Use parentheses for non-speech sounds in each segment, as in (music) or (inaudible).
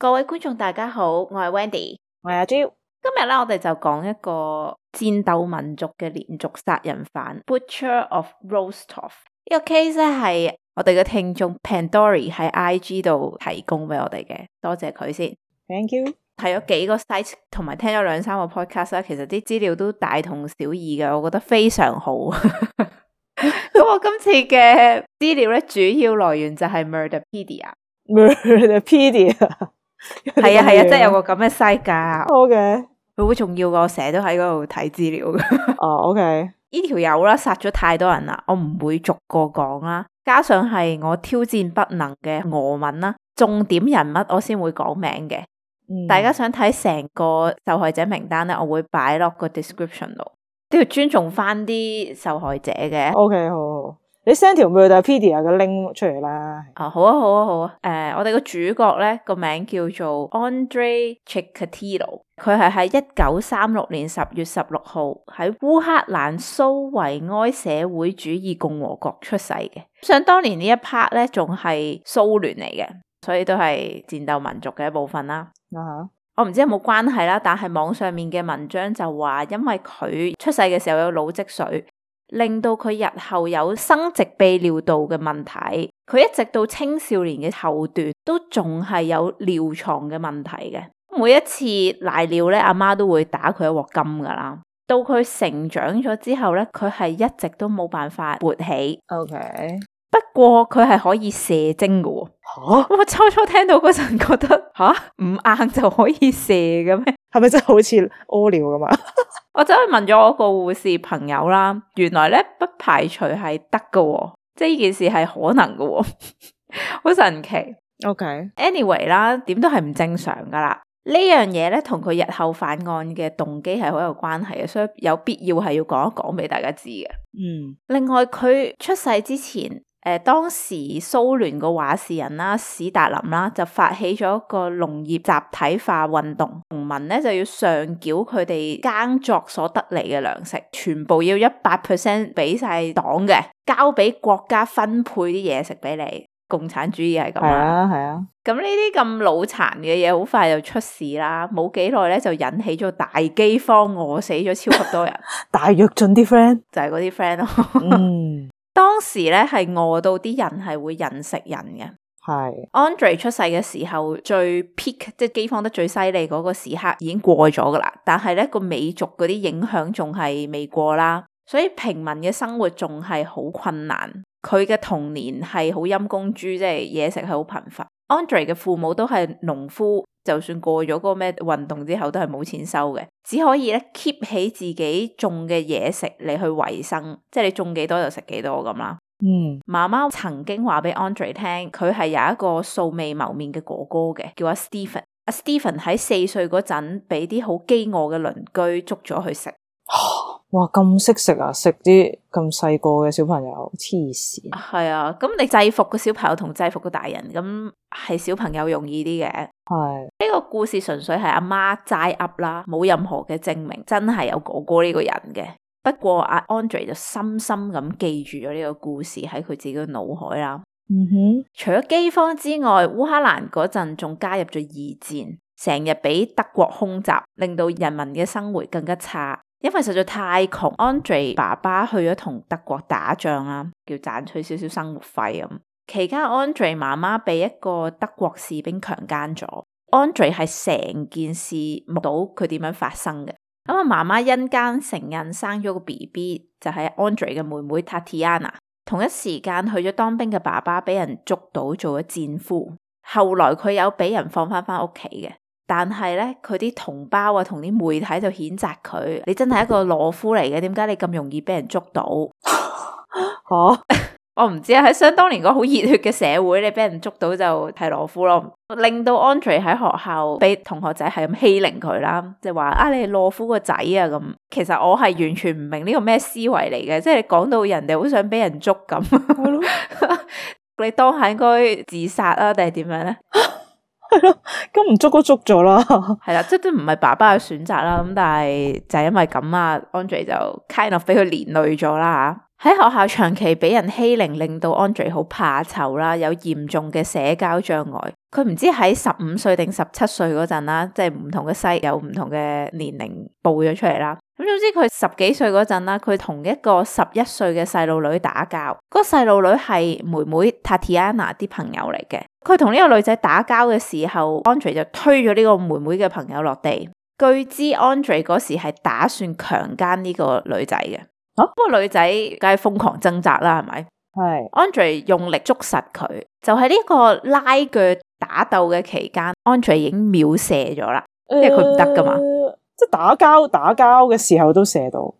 各位觀眾大家好，我係 Wendy，我係阿 Jo。今日咧，我哋就講一個戰鬥民族嘅連續殺人犯 Butcher of Rostov。呢個 case 咧係我哋嘅聽眾 Pandory 喺 IG 度提供俾我哋嘅，多謝佢先，Thank you。睇咗幾個 site，同埋聽咗兩三個 podcast 啦，其實啲資料都大同小異嘅，我覺得非常好。 (laughs) 咁我今次嘅資料咧，主要來源就係 Murderpedia。Murderpedia，係啊係啊，真係、啊啊、有個咁嘅 site 㗎。O Okay . K，會唔會重要過，我成日都喺嗰度睇資料。哦，O K，呢條友啦，殺咗太多人啦，我唔會逐個講啦。加上係我挑戰不能嘅俄文啦，重點人物我先會講名嘅。嗯、大家想睇成個受害者名單咧，我會擺落個 description 度都要尊重翻啲受害者嘅。O、okay, K，好，好，你 send 條 Wikipedia 嘅 link 出嚟啦。啊，好啊，好啊，好啊。誒、呃，我哋個主角咧個名叫做 Andrei Chikatilo，佢係喺一九三六年十月十六號喺烏克蘭蘇維埃社會主義共和國出世嘅。想當年一呢一 part 咧仲係蘇聯嚟嘅，所以都係戰鬥民族嘅一部分啦。Uh huh. 我唔知有冇關係啦，但係網上面嘅文章就話，因為佢出世嘅時候有腦積水，令到佢日後有生殖泌尿道嘅問題，佢一直到青少年嘅後段都仲係有尿床嘅問題嘅。每一次賴尿咧，阿媽都會打佢一鑊金㗎喇。到佢成長咗之後咧，佢係一直都冇辦法勃起。OK。不過佢係可以射精嘅喎、哦，吓蛤我初初聽到嗰陣覺得吓，唔硬就可以射嘅咩？係咪真係好似屙尿嘅嘛？ (laughs) 我真係問咗我個護士朋友啦，原來咧，不排除係得嘅，即係呢件事係可能嘅、哦，好 (laughs) 神奇。OK，Anyway Okay. 啦，點都係唔正常噶啦。呢樣嘢咧，同佢日後犯案嘅動機係好有關係嘅，所以有必要係要講一講俾大家知嘅。嗯，另外佢出世之前。誒、呃，當時蘇聯嘅話事人啦，史達林啦，就發起咗一個農業集體化運動，農民咧就要上繳佢哋耕作所得嚟嘅糧食，全部要一百 percent 俾晒黨嘅，交俾國家分配啲嘢食俾你。共產主義係咁啊，係啊，係啊，咁呢啲咁腦殘嘅嘢，好快就出事啦，冇幾耐咧就引起咗大饑荒，餓死咗超級多人。 (laughs) 大躍進啲 friend，就係嗰啲 friend 咯。 (laughs) 嗯。當時咧係餓到啲人係會人食人嘅。係是 Andrei 出世嘅時候最 peak，即係飢荒得最犀利嗰個時刻已經過咗噶啦。但係咧個美族嗰啲影響仲係未過啦，所以平民嘅生活仲係好困難。佢嘅童年係好陰功豬，即係嘢食係好匱乏。Andrei 嘅父母都係農夫，就算過咗個咩運動之後，都係冇錢收嘅，只可以咧 keep 起自己種嘅嘢食嚟去維生，即係你種幾多就食幾多咁啦。嗯，媽媽曾經話俾 Andrei 聽，佢係有一個素未謀面嘅哥哥嘅，叫阿 Ste、uh, Stephen。阿 Stephen 喺四歲嗰陣，俾啲好飢餓嘅鄰居捉咗去食。哇，咁識食啊！食啲咁細個嘅小朋友，黐線。係啊，咁你制服個小朋友同制服個大人，咁係小朋友容易啲嘅。係，呢個故事純粹係阿媽齋噏啦，冇任何嘅證明真係有哥哥呢個人嘅。不過阿 Andre 就深深咁記住咗呢個故事喺佢自己嘅腦海啦。嗯哼、mm。Hmm。除咗饑荒之外，烏克蘭嗰陣仲加入咗二戰，成日俾德國空襲，令到人民嘅生活更加差。因為實在太窮，Andrei 爸爸去咗同德國打仗啊，叫賺取少少生活費咁。期間，Andrei 媽媽被一個德國士兵強奸咗，Andrei 係成件事目睹佢點樣發生嘅。咁啊，媽媽因奸承認生咗個 B B，就係 Andrei 嘅妹妹 Tatiana。同一時間去咗當兵嘅爸爸俾人捉到做咗戰俘，後來佢有俾人放翻翻屋企嘅。但係咧，佢啲同胞啊，同啲媒體就譴責佢。你真係一個懦夫嚟嘅，點解你咁容易俾人捉到？ (laughs) 哦、 (laughs) 我我唔知啊，喺想當年個好熱血嘅社會，你俾人捉到就係懦夫咯。令到 Andre 喺學校俾同學仔係咁欺凌佢啦，就話、是、啊你係懦夫個仔啊咁。其實我係完全唔明呢個咩思維嚟嘅，即係你講到人哋好想俾人捉咁，你當下應該自殺啊，定係點樣呢？ (laughs) 係咯，咁唔捉都捉咗啦，係啦，即係都唔係爸爸嘅選擇啦。咁但係就係因為咁啊，Andrei 就 kind of 俾佢連累咗啦。喺學校長期俾人欺凌，令到 Andrei 好怕醜啦，有嚴重嘅社交障礙。佢唔知喺十五歲定十七歲嗰陣啦，即係唔同嘅細有唔同嘅年齡報咗出嚟啦。咁總之佢十幾歲嗰陣啦，佢同一個十一歲嘅細路女打交。嗰細路女係妹妹 Tatiana 啲朋友嚟嘅。佢同呢個女仔打交嘅時候，Andrei 就推咗呢個妹妹嘅朋友落地。據知 Andrei 嗰時係打算強姦呢個女仔嘅。啊、不過女仔梗係瘋狂掙扎啦，係咪？係是。Andrei 用力捉實佢，就喺、是、呢個拉鋸打鬥嘅期間，Andrei 已經秒射咗啦，因為佢唔得噶嘛，呃、即係打交打交嘅時候都射到，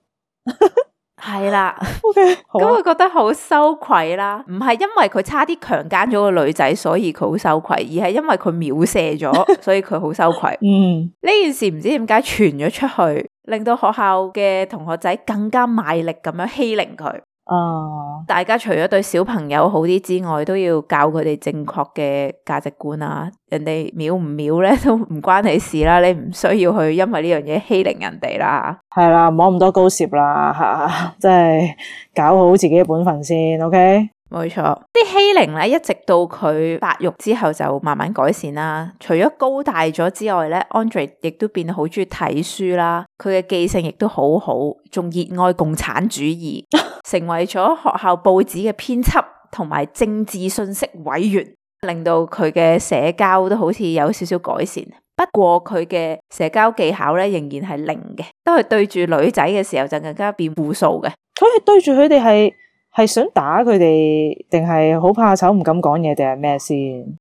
係 (laughs) 啦。咁佢、okay, 啊、 (laughs) 覺得好羞愧啦，唔係因為佢差啲強奸咗個女仔，所以佢好羞愧，而係因為佢秒射咗，所以佢好羞愧。 (laughs) 嗯，呢件事唔知點解傳咗出去。令到學校嘅同學仔更加賣力咁樣欺凌佢。啊！Uh, 大家除咗對小朋友好啲之外，都要教佢哋正確嘅價值觀啊！人哋秒唔秒咧都唔關你事啦，你唔需要去因為呢樣嘢欺凌人哋啦。係啦，唔好咁多高涉啦吓，即、啊、係搞好自己嘅本分先。O K。冇錯，啲欺凌咧，一直到佢發育之後就慢慢改善啦。除咗高大咗之外咧，Andrei 亦都變好中意睇書啦。佢嘅記性亦都好好，仲熱愛共產主義， (laughs) 成為咗學校報紙嘅編輯同埋政治信息委員，令到佢嘅社交都好似有少少改善。不過佢嘅社交技巧咧仍然係零嘅，都係對住女仔嘅時候就更加變無數嘅。所以對住佢哋係係想打佢哋，定係好怕醜唔敢講嘢，定係咩先？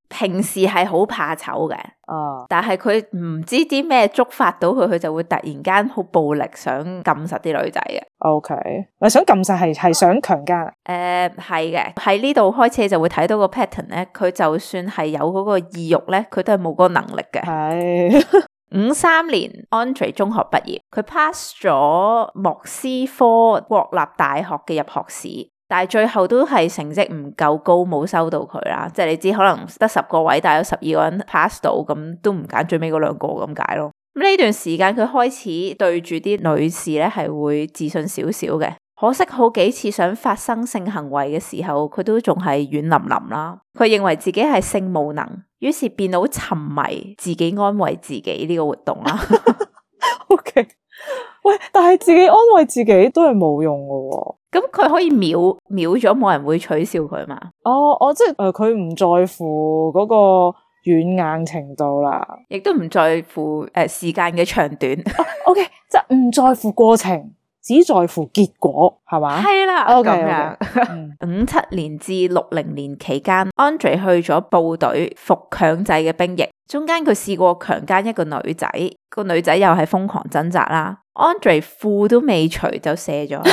平時係好怕醜嘅，哦，uh, 但係佢唔知啲咩觸發到佢，佢就會突然間好暴力想，okay, 想撳實啲女仔嘅。O K，咪想撳實係係想強姦啊？誒、uh，係嘅。喺呢度開車就會睇到個 pattern 咧，佢就算係有嗰個意欲咧，佢都係冇嗰個能力嘅。係五三年 Andrei 中學畢業，佢 pass 咗莫斯科國立大學嘅入學試。但係最後都係成績唔夠高，冇收到佢啦。即係你知，可能得十個位，但有十二個人 pass 到，咁都唔揀最尾嗰兩個咁解咯。咁呢段時間，佢開始對住啲女士咧，係會自信少少嘅。可惜好幾次想發生性行為嘅時候，佢都仲係軟淋淋啦。佢認為自己係性無能，於是變到沉迷自己安慰自己呢個活動啦。 (laughs) Okay，喂，但係自己安慰自己都係冇用噶喎、哦。咁佢可以秒秒咗，冇人會取笑佢嘛？哦，我即係誒，佢、呃、唔在乎嗰個軟硬程度啦，亦都唔在乎誒、呃、時間嘅長短。O K，即唔在乎過程，只在乎結果，係嘛？係啦。O K，五七年至六零年期間，Andrei 去咗部隊服強制嘅兵役，中間佢試過強姦一個女仔，個女仔又係瘋狂掙扎啦。Andrei 褲都未除就卸咗。 (laughs)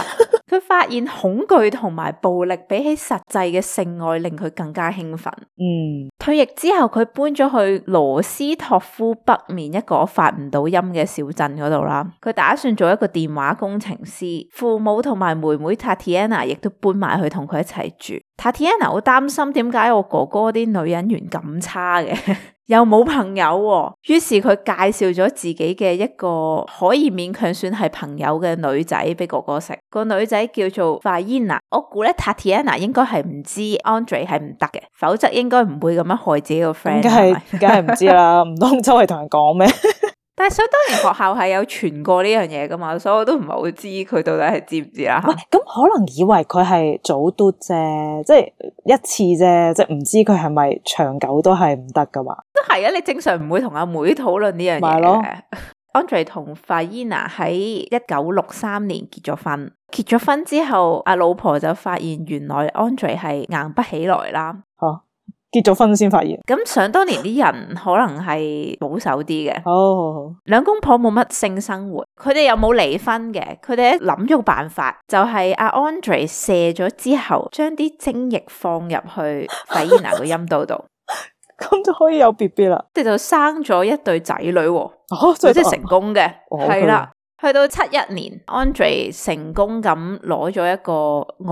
佢發現恐懼同埋暴力比起實際嘅性愛，令佢更加興奮。嗯，退役之後佢搬咗去羅斯托夫北面一個發唔到音嘅小鎮嗰度啦。佢打算做一個電話工程師。父母同埋妹妹 Tatiana 亦都搬埋去同佢一齊住。Tatiana 好擔心，點解我哥哥啲女人緣咁差嘅？ (laughs) 又冇朋友，哦，於是佢介紹咗自己嘅一個可以勉強算係朋友嘅女仔俾哥哥食。個女仔叫做 Tatiana 我估咧 Tatiana 應該係唔知 Andrei 係唔得嘅，否則應該唔會咁樣害自己個 friend。梗係梗係唔知啦，唔通 (laughs) 周圍同人講咩？ (laughs) 但係，想當然學校係有傳過呢樣嘢噶嘛，所以我都唔係好知佢到底係知唔知啦。咁可能以為佢係早嘟啫，即係一次啫，即係唔知佢係咪長久都係唔得噶嘛？都係啊！你正常唔會同阿妹討論呢樣嘢啊嘅。安德烈同 Faina 喺一九六三年結咗婚，結咗婚之後，阿老婆就發現原來安德烈係硬不起來啦。啊結咗婚先發現，咁想當年啲人可能係保守啲嘅，好兩公婆冇乜性生活，佢哋又冇離婚嘅，佢哋諗咗個辦法，就係、是、阿 Andre 射咗之後，將啲精液放入去 Faina 個陰道度，咁 (laughs) 就可以有 B B 啦，即係就生咗一對仔女，哦，即係成功嘅，係啦。去到七一年 Andrei 成功咁攞咗一個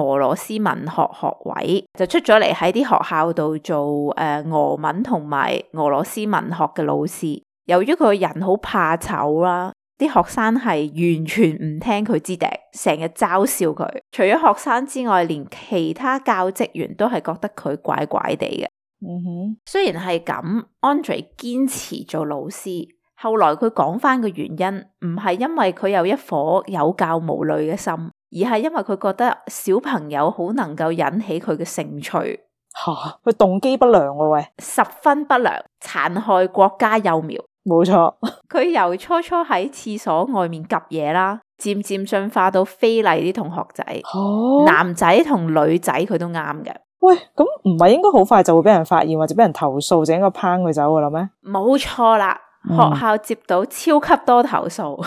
俄羅斯文學學位，就出咗嚟喺啲學校度做誒、呃、俄文同埋俄羅斯文學嘅老師。由於佢個人好怕醜啦，啲學生係完全唔聽佢之笛，成日嘲笑佢。除咗學生之外，連其他教職員都係覺得佢怪怪地嘅。嗯哼、mm，hmm. 雖然係咁，Andrei 堅持做老師。後來佢講翻個原因，唔係因為佢有一顆有教無類嘅心，而係因為佢覺得小朋友好能夠引起佢嘅興趣。吓，佢動機不良喎、啊、喂，十分不良，殘害國家幼苗。冇沒錯，佢 (laughs) 由初初喺廁所外面及嘢啦，漸漸進化到非禮啲同學仔。哦，男仔同女仔佢都啱嘅。喂，咁唔係應該好快就會俾人發現或者俾人投訴，就應該拚佢走噶啦咩？冇錯啦。嗯、學校接到超級多投訴，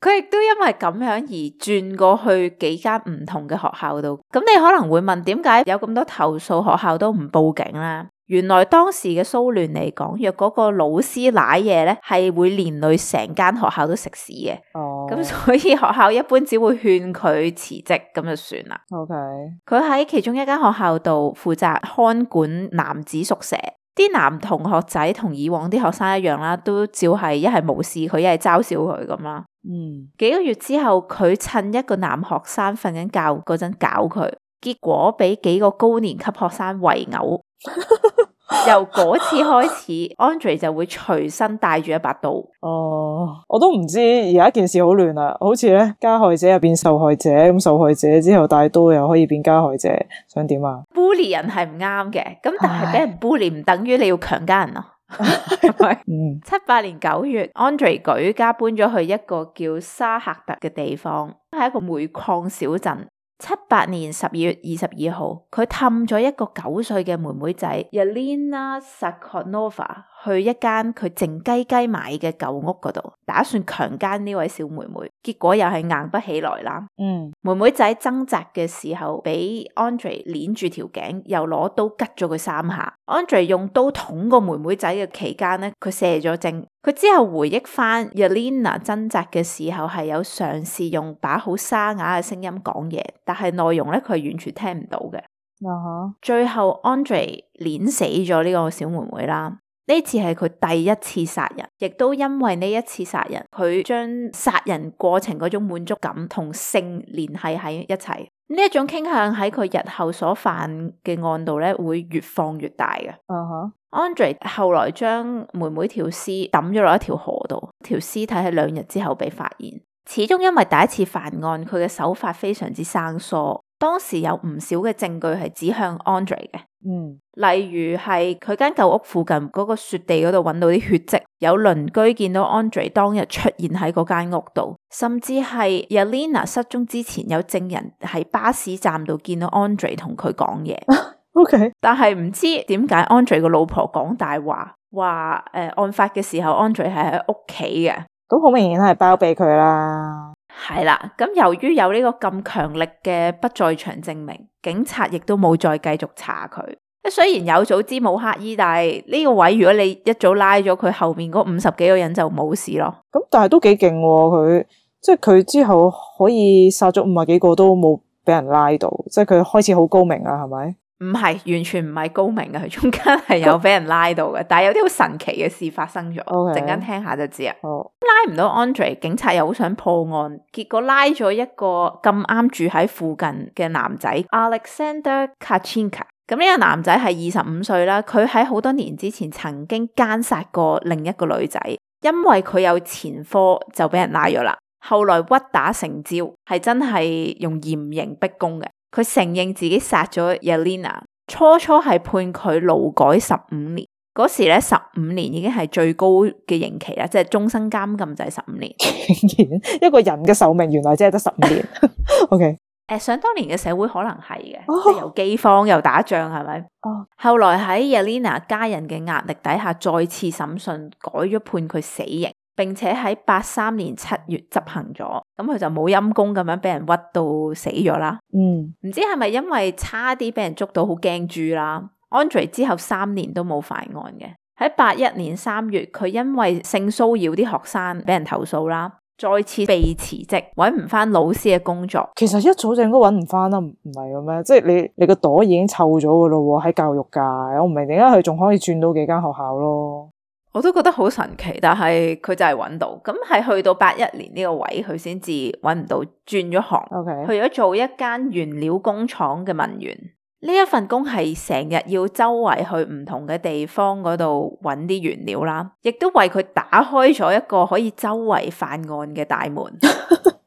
佢亦都因為咁樣而轉過去幾間唔同嘅學校度。咁你可能會問，點解有咁多投訴學校都唔報警啦？原來當時嘅蘇聯嚟講，若嗰個老師瀨嘢咧，係會連累成間學校都食屎嘅。哦，咁所以學校一般只會勸佢辭職咁就算啦。OK，佢喺其中一間學校度負責看管男子宿舍。啲男同學仔同以往啲學生一樣啦，都照係一係無視佢，一係嘲笑佢咁啦。嗯，幾個月之後，佢趁一個男學生瞓緊覺嗰陣搞佢，結果俾幾個高年級學生圍毆。 (laughs) 由嗰次開始 (laughs) ，Andrei 就會隨身帶住一把刀。哦，oh，我都唔知而家件事好亂啦，好似咧加害者又變受害者，咁受害者之後帶刀又可以變加害者，想點啊？bully 人係唔啱嘅，咁但係俾人 bully 唔等於你要強姦人咯，啊。係咪？七八年九月，Andrei 舉家搬咗去一個叫沙赫特嘅地方，係一個煤礦小鎮。七八年十二月二十二號，佢氹咗一個九歲嘅妹妹仔 Yelena Zakotnova 去一間佢靜雞雞買嘅舊屋度，打算強奸呢位小妹妹。結果又係硬不起來啦。嗯、妹妹仔掙扎嘅時候，俾 Andrei 捻住條頸，又攞刀拮咗佢三下。Andrei 用刀捅個妹妹仔嘅期間咧，佢卸咗精。佢之後回憶翻，Yelena 掙扎嘅時候係有嘗試用把好沙啞嘅聲音講嘢，但係內容咧，佢係完全聽唔到嘅。嗯、哼最後 Andrei 捻死咗呢個小妹妹啦。呢次係佢第一次殺人，亦都因為呢一次殺人，佢將殺人過程嗰種滿足感同性聯繫喺一齊。呢一種傾向喺佢日後所犯嘅案度咧，會越放越大嘅。嗯哼，Andrei 後來將妹妹條屍抌咗落一條河度，條屍體喺兩日之後被發現。始終因為第一次犯案，佢嘅手法非常之生疏。當時有唔少嘅證據係指向 Andre 嘅，嗯，例如係佢間舊屋附近嗰個雪地嗰度揾到啲血跡，有鄰居見到 Andre 當日出現喺嗰間屋度，甚至係 Yelena 失蹤之前有證人喺巴士站度見到 Andre 同佢講嘢。 (laughs) OK，但係唔知點解 Andre 個老婆講大話，話誒、呃、案發嘅時候 Andre 係喺屋企嘅，咁好明顯係包庇佢啦。係啦，咁由於有呢個咁強力嘅不在場證明，警察亦都冇再繼續查佢。啊，雖然有早知冇乞兒，但係呢個位如果你一早拉咗佢後面嗰五十幾個人就冇事咯。咁但係都幾勁喎，佢即係佢之後可以殺咗五十幾個都冇俾人拉到，即係佢開始好高明啦，係咪？唔係，完全唔係高明嘅，佢中間係有俾人拉到嘅， (laughs) 但係有啲好神奇嘅事發生咗。陣間 Okay. 聽下就知啦。拉唔、oh. 到 Andrei，警察又好想破案，結果拉咗一個咁啱住喺附近嘅男仔 (laughs) Alexander Kachinka。咁呢個男仔係二十五歲啦，佢喺好多年之前曾經奸殺過另一個女仔，因為佢有前科就俾人拉咗啦。後來屈打成招，係真係用嚴刑逼供嘅。佢承認自己殺咗 Yelena，初初係判佢勞改十五年，嗰時咧，十五年已經係最高嘅刑期啦，即係終身監禁就係十五年。竟然 (laughs) 一個人嘅壽命原來只係得十五年。 (laughs) OK，誒，想當年嘅社會可能係嘅，即係又、oh. 饑荒又打仗，係咪？哦，oh. 後來喺 Yelena 家人嘅壓力底下，再次審訊，改咗判佢死刑。並且喺八三年七月執行咗，咁佢就冇陰功咁樣俾人屈到死咗啦。嗯，唔知係咪因為差啲俾人捉到，好驚住啦。Andrei 之後三年都冇犯案嘅。喺八一年三月，佢因為性騷擾啲學生，俾人投訴啦，再次被辭職，揾唔翻老師嘅工作。其實一早就應該揾唔翻啦，唔係咁咩？即係你你個朵已經臭咗嘅咯喎，喺教育界，我唔明點解佢仲可以轉到幾間學校咯。我都覺得好神奇，但係佢就係揾到，咁係去到八一年呢個位，佢先至揾唔到，轉咗行，Okay. 去咗做一間原料工廠嘅文員。呢一份工係成日要周圍去唔同嘅地方嗰度揾啲原料啦，亦都為佢打開咗一個可以周圍犯案嘅大門。 (laughs)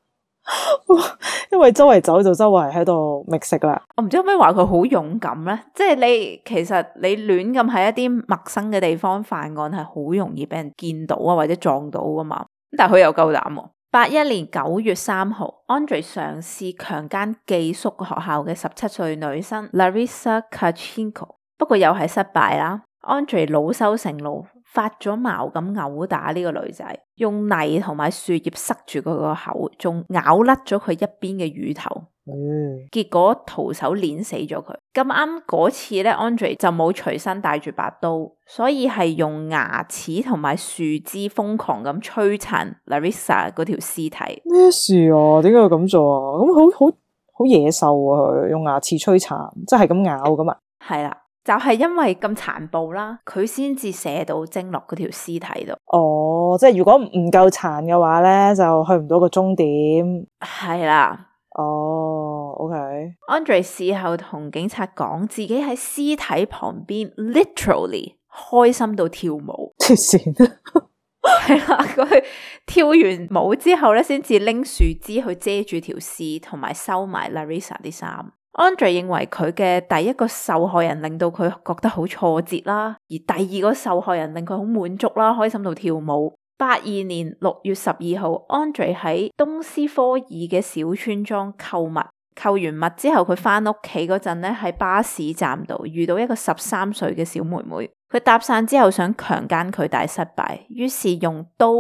(laughs) 因為周圍走就周圍喺度覓食啦。我唔知可唔可以話佢好勇敢呢？即係你其實你亂咁喺一啲陌生嘅地方犯案係好容易俾人見到啊，或者撞到噶嘛。咁但係佢又夠膽。八一年九月三號，Andrei 嘗試強姦寄宿學校嘅十七歲女生 Larisa Tkachenko，不過又係失敗啦。Andrei 老羞成怒，發咗毛咁毆打呢個女仔，用泥同埋樹葉塞住佢個口，仲咬甩咗佢一邊嘅乳頭。嗯，結果徒手捏死咗佢。咁啱嗰次咧，Andrei 就冇隨身帶住把刀，所以係用牙齒同埋樹枝瘋狂咁摧殘 Larisa 嗰條屍體。咩事啊？點解要咁做啊？咁好好好野獸啊！佢用牙齒摧殘，即係咁咬噶嘛？係啦。 (laughs) 就係因為咁殘暴啦，佢先至射到精落嗰條屍體度。哦，即係如果唔夠殘嘅話呢，就去唔到個終點。係啦，哦，OK。Andrei 事後同警察講，自己喺屍體旁邊 literally 開心到跳舞脫線。係經 (laughs) (laughs) 啦，佢跳完舞之後呢，先至拎樹枝去遮住條屍，同埋收埋 Larisa 啲衫。Andrei 認為佢嘅第一個受害人令到佢覺得好挫折啦，而第二個受害人令佢好滿足啦，開心到跳舞。八二年六月十二號，Andrei 喺東斯科爾嘅小村莊購物，購完物之後佢翻屋企嗰陣咧喺巴士站度遇到一個十三歲嘅小妹妹，佢搭訕之後想強奸佢但係失敗，於是用刀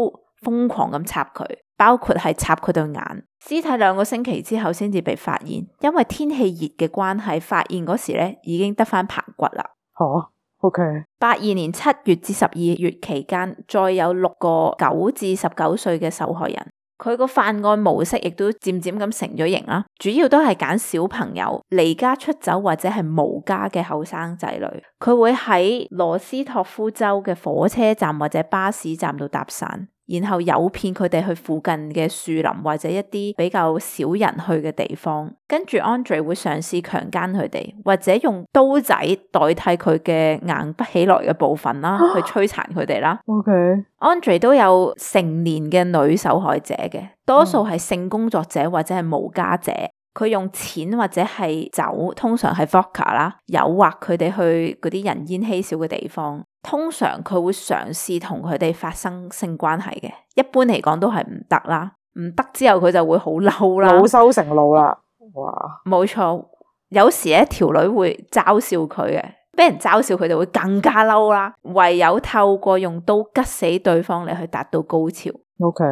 瘋狂咁插佢。包括係插佢對眼，屍體兩個星期之後先至被發現，因為天氣熱嘅關係，發現嗰時咧已經得翻白骨啦。吓、oh，OK。八二年七月至十二月期間，再有六個九至十九歲嘅受害人，佢個犯案模式亦都漸漸咁成咗型啦。主要都係揀小朋友離家出走或者係無家嘅後生仔女，佢會喺羅斯托夫州嘅火車站或者巴士站度搭訕。然後誘騙佢哋去附近嘅樹林或者一啲比較少人去嘅地方，跟住 Andre 會嘗試強姦佢哋，或者用刀仔代替佢嘅硬不起來嘅部分啦，啊、去摧殘佢哋啦。OK，Andre 都有成年嘅女受害者嘅，多數係性工作者或者係無家者，佢、嗯、用錢或者係酒，通常係 Vodka 啦，誘惑佢哋去嗰啲人煙稀少嘅地方。通常佢會嘗試同佢哋發生性關係嘅，一般嚟講都係唔得啦，唔得之後佢就會好嬲啦，冇收成路啦，哇！冇錯，有時一條女會嘲笑佢嘅，俾人嘲笑佢就會更加嬲啦，唯有透過用刀拮死對方嚟去達到高潮。OK，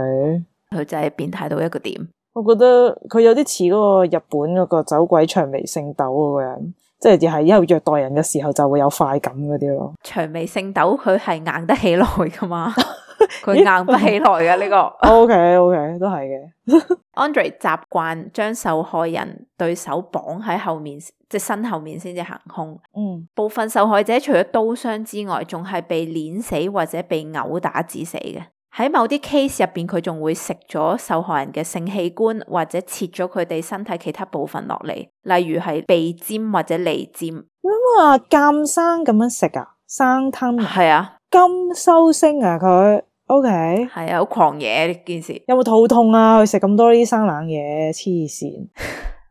佢真係變態到一個點，我覺得佢有啲似嗰個日本嗰個走鬼長眉聖斗嗰個人。即係亦係，因為虐待人嘅時候就會有快感嗰啲咯。薔薇聖斗佢係硬得起來㗎嘛？佢 (laughs) 硬不起來嘅呢、 (laughs) 這個。O K O K 都係嘅。 (laughs) Andrei 習慣將受害人對手綁喺後面，即、即係、身後面先至行兇。嗯。部分受害者除咗刀傷之外，仲係被碾死或者被毆打致死嘅。喺某啲 case 入邊，佢仲會食咗受害人嘅性器官，或者切咗佢哋身體其他部分落嚟，例如係鼻尖或者脷尖。咁、嗯、啊，咁生咁樣食啊，生吞係啊，金收星啊佢，OK 係啊，好狂野呢件事。有冇肚痛啊？佢食咁多呢啲生冷嘢，黐線。 (laughs)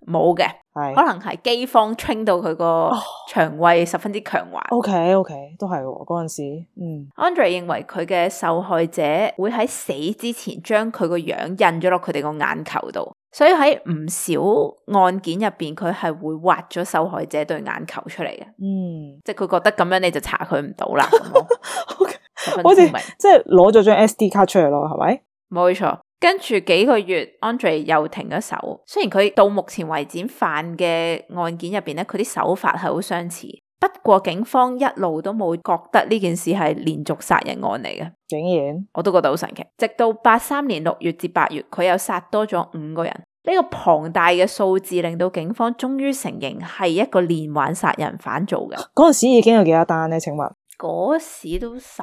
冇嘅，係是可能係饑荒撐到佢個腸胃十分之強滑。OK OK，都係喎嗰陣時。嗯，Andrei 認為佢嘅受害者會喺死之前將佢個樣印咗落佢哋個眼球度，所以喺唔少案件入邊，佢係會挖咗受害者對眼球出嚟嘅。嗯，即係佢覺得咁樣你就查佢唔到啦。十分之明，是即係攞咗張 SD 卡出嚟咯，係咪？冇錯。跟住幾個月，Andrei 又停咗手。雖然佢到目前為止犯嘅案件入邊咧，佢啲手法係好相似，不過警方一路都冇覺得呢件事係連續殺人案嚟嘅。竟然我都覺得好神奇。直到八三年六月至八月，佢又殺多咗五個人。呢個龐大嘅數字令到警方終於承認係一個連環殺人犯做嘅。嗰陣時已經有幾多單咧？請問？嗰時都十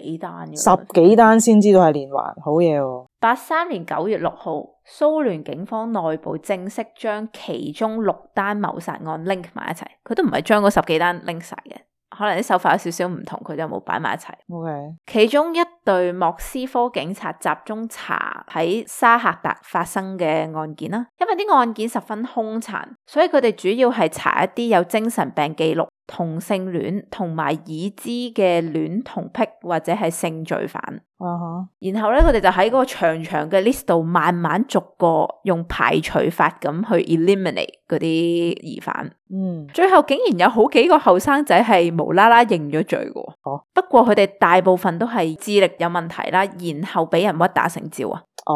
幾單，十幾單先知道係連環，好嘢哦！八三年九月六號，蘇聯警方內部正式將其中六單謀殺案 link 埋一齊，佢都唔係將嗰十幾單 link 晒嘅，可能啲手法有少少唔同，佢就冇擺埋一齊。OK，其中一隊莫斯科警察集中查喺沙赫達發生嘅案件啦，因為啲案件十分兇殘，所以佢哋主要係查一啲有精神病記錄。同性戀同埋已知嘅戀同癖或者係性罪犯，啊、uh huh. 然後咧，佢哋就喺嗰個長長嘅 list 度慢慢逐個用排除法咁去 eliminate 嗰啲疑犯。嗯、uh huh. 最後竟然有好幾個後生仔係無啦啦認咗罪嘅。哦、uh huh. 不過佢哋大部分都係智力有問題啦，然後俾人屈打成招啊。哦、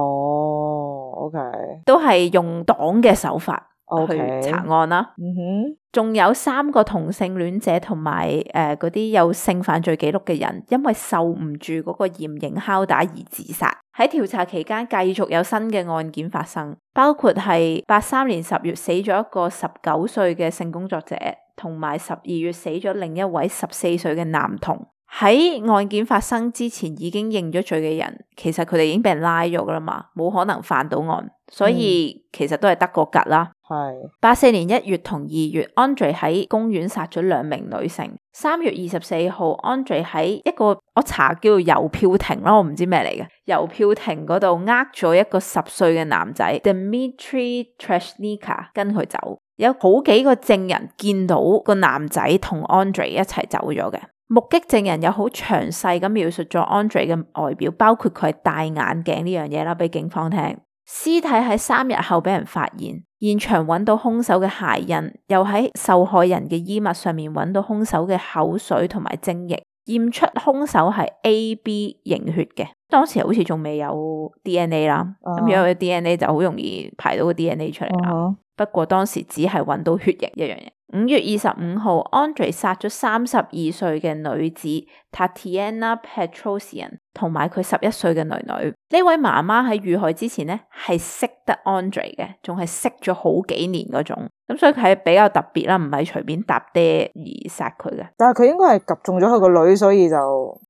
oh, OK，都係用黨嘅手法。去查案啦。嗯哼、okay. mm，仲、hmm. 有三個同性戀者同埋誒嗰啲有性犯罪記錄嘅人，因為受唔住嗰個嚴刑拷打而自殺。喺調查期間，繼續有新嘅案件發生，包括係八三年十月死咗一個十九歲嘅性工作者，同埋十二月死咗另一位十四歲嘅男童。喺案件發生之前已經認咗罪嘅人，其實佢哋已經被人拉咗㗎啦嘛，冇可能犯到案，所以、嗯、其實都係得個吉啦。係八四年一月同二月，Andrei 喺公園殺咗兩名女性。三月二十四號，Andrei 喺一個我查叫做郵票亭啦，我唔知咩嚟嘅郵票亭嗰度，呃咗一個十歲嘅男仔 Dmitry Tresnica 跟佢走，有好幾個證人見到個男仔同 Andrei 一齊走咗嘅。目擊證人又好詳細咁描述咗安 n d r e 嘅外表，包括佢戴眼鏡呢樣嘢啦，俾警方聽。屍體喺三日後俾人發現，現場揾到凶手嘅鞋印，又喺受害人嘅衣物上面揾到凶手嘅口水同埋精液，驗出凶手係 A B 型血嘅。當時好似仲未有 DNA 啦、uh，咁、huh. 因為 DNA 就好容易排到個 DNA 出嚟啦。Uh huh. 不過當時只係揾到血液一樣嘢。五月二十五號，Andrei 殺咗三十二歲嘅女子 Tatyana Petrosyan 同埋佢十一歲嘅女女。呢位媽媽喺遇害之前呢係識得 Andrei 嘅，仲係識咗好幾年嗰種。咁所以佢係比較特別啦，唔係隨便搭爹而殺佢嘅。但係佢應該係及中咗佢個女，所以就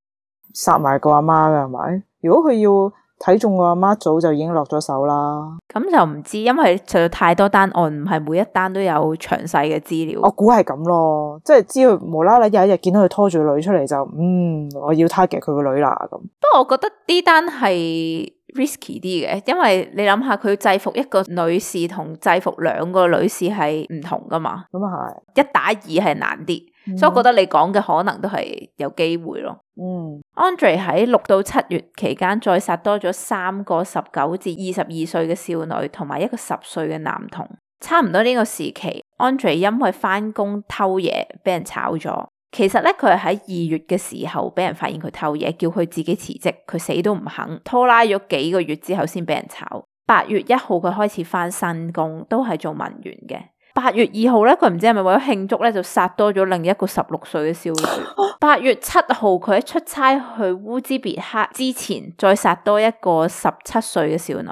殺埋個阿媽噶。係咪？如果佢要？睇中我阿媽早就已經落咗手啦，咁就唔知，因為就太多單案，唔係每一單都有詳細嘅資料。我估係咁咯，即係只要無啦啦有一日見到佢拖住個女出嚟就，嗯，我要 target 佢個女啦咁。不過我覺得呢單係 risky 啲嘅，因為你諗下佢制服一個女士同制服兩個女士係唔同噶嘛，咁啊係一打二係難啲。所以 So,、mm hmm。我覺得你講嘅可能都係有機會咯。嗯，Andrei 喺六到七月期間再殺多咗三個十九至二十二歲嘅少女，同埋一個十歲嘅男童。差唔多呢個時期，Andrei 因為返工偷嘢，俾人炒咗。其實咧，佢係喺二月嘅時候俾人發現佢偷嘢，叫佢自己辭職，佢死都唔肯，拖拉咗幾個月之後先俾人炒。八月一號佢開始返新工，都係做文員嘅。八月二號咧，佢唔知係咪為咗慶祝咧，就殺多咗另一個十六歲嘅少女。八月七號，佢喺出差去烏茲別克之前，再殺多一個十七歲嘅少女。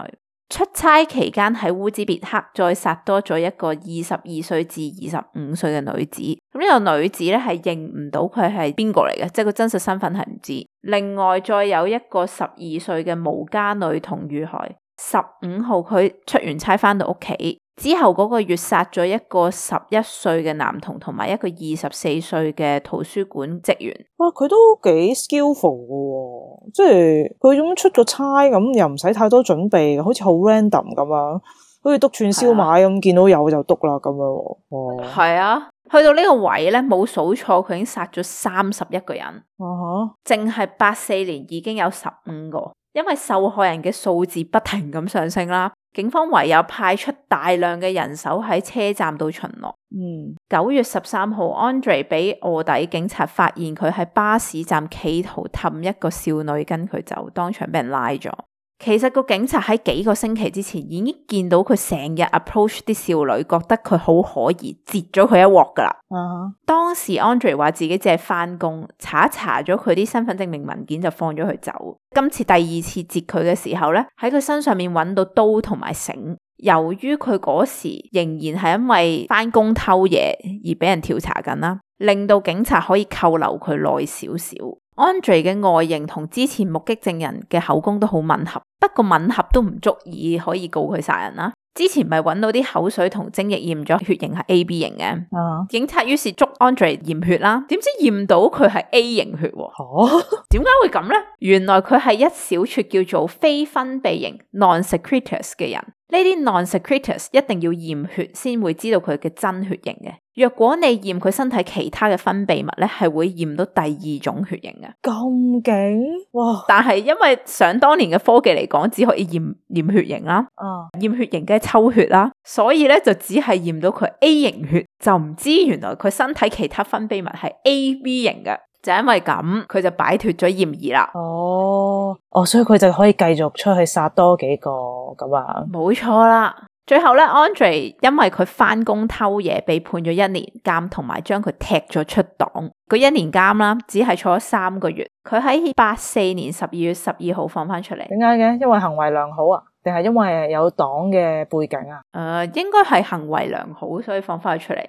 出差期間喺烏茲別克，再殺多咗一個二十二歲至二十五歲嘅女子。咁、這、呢個女子咧係認唔到佢係邊個嚟嘅，即係個真實身份係唔知。另外再有一個十二歲嘅無家女童遇害。十五號佢出完差翻到屋企。之後嗰個月殺咗一個十一歲嘅男童，同埋一個二十四歲嘅圖書館職員。哇，佢都幾 skillful 㗎，即係佢咁出咗差咁，又唔使太多準備，好似好 random 咁樣，好似篤串燒賣咁，見到有就篤啦咁樣。哇、哦，係啊，去到呢個位咧，冇數錯，佢已經殺咗三十一個人。啊哈，淨係八四年已經有十五個，因為受害人嘅數字不停咁上升啦。警方唯有派出大量嘅人手喺車站度巡邏。嗯，九月十三號，Andrei 俾臥底警察發現佢喺巴士站企圖氹一個少女跟佢走，當場俾人拉咗。其實個警察喺幾個星期之前已經見到佢成日 approach 啲少女，覺得佢好可疑，截咗佢一鑊噶啦。Uh huh. 當時 Andrei 話自己只係翻工，查一查咗佢啲身份證明文件就放咗佢走。今次第二次截佢嘅時候咧，喺佢身上面揾到刀同埋繩。由於佢嗰時仍然係因為翻工偷嘢而俾人調查緊啦，令到警察可以扣留佢耐少少。Andrei 嘅外形同之前目擊證人嘅口供都好吻合，不過吻合都唔足以可以告佢殺人啦。之前咪揾到啲口水同精液驗咗血型係 AB 型嘅，啊、警察於是捉 Andrei 驗血啦，點知驗到佢係 A 型血喎？哦、啊，點解會咁呢？原來佢係一小撮叫做非分泌型 （non-secretors） 嘅人，呢啲 non-secretors 一定要驗血先會知道佢嘅真血型嘅。若果你驗佢身體其他嘅分泌物咧，係會驗到第二種血型嘅。咁勁哇！但係因為想當年嘅科技嚟講，只可以驗驗血型啦。嗯、啊。驗血型梗係抽血啦，所以咧就只係驗到佢 A 型血，就唔知原來佢身體其他分泌物係 AB 型嘅。就因為咁，佢就擺脫咗嫌疑啦。哦。哦，所以佢就可以繼續出去殺多幾個咁啊。冇錯啦。最後咧，Andrei 因為佢翻工偷嘢，被判咗一年監，同埋將佢踢咗出黨。佢一年監啦，只係坐咗三個月。佢喺八四年十二月十二號放翻出嚟。點解嘅？因為行為良好啊？定係因為有黨嘅背景啊？誒、呃，應該係行為良好，所以放翻佢出嚟。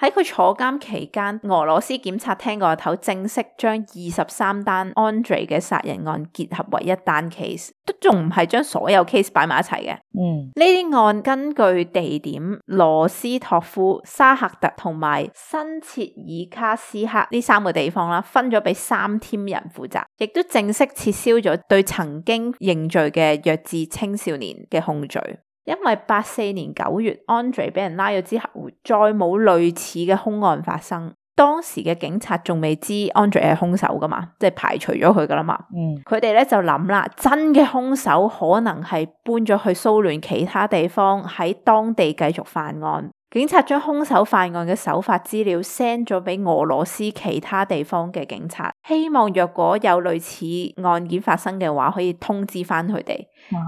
喺佢坐監期間，俄羅斯檢察廳個頭正式將二十三單 Andre 嘅殺人案結合為一單 case，都仲唔係將所有 case 擺埋一齊嘅。嗯，呢啲案根據地點羅斯托夫、沙赫特同埋新切爾卡斯克呢三個地方啦，分咗俾三 team 人負責，亦都正式撤銷咗對曾經認罪嘅弱智青少年嘅控罪。因為八四年九月 Andrei 俾人拉咗之後，再冇類似嘅兇案發生。當時嘅警察仲未知 Andrei 係兇手噶嘛，即係排除咗佢噶啦嘛。嗯，佢哋咧就諗啦，真嘅兇手可能係搬咗去蘇聯其他地方，喺當地繼續犯案。警察將凶手犯案嘅手法資料 send 咗俾俄羅斯其他地方嘅警察，希望若果有類似案件發生嘅話，可以通知翻佢哋。